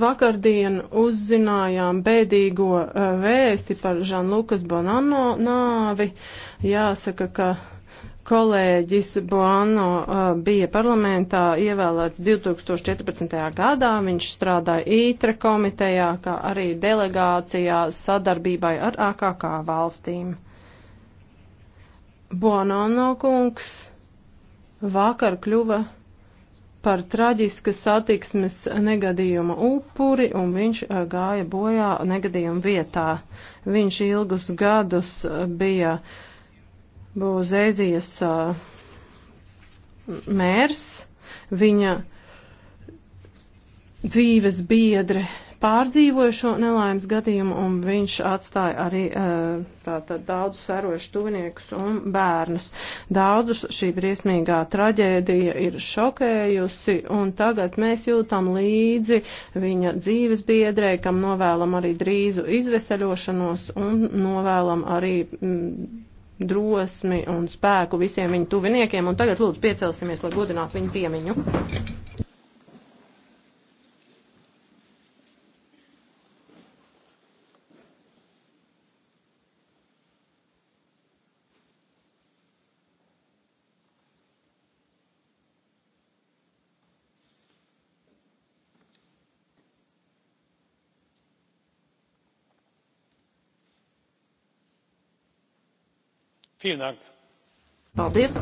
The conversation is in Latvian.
Vakardien uzzinājām bēdīgo eh, vēsti par Žanlukas Bonanno nāvi. Jāsaka, ka kolēģis Boano eh, bija parlamentā ievēlēts 2014. gadā. Viņš strādāja ītra komitejā, kā arī delegācijā sadarbībai ar AKK valstīm. Boano kungs vakar kļuva par traģiska satiksmes negadījuma upuri, un viņš eh, gāja bojā negadījuma vietā. Viņš ilgus gadus eh, bija Būzēzijas eh, mērs, viņa dzīves biedre pārdzīvoja šo nelaimes gadījumu, un viņš atstāja arī tātad daudz sarošu tuviniekus un bērnus. Daudzus šī briesmīgā traģēdija ir šokējusi, un tagad mēs jūtam līdzi viņa dzīves biedrē, kam novēlam arī drīzu izveseļošanos un novēlam arī. Mm, drosmi un spēku visiem viņu tuviniekiem, un tagad lūdzu piecelsimies, lai godinātu viņu piemiņu. Vielen Dank! Paldies!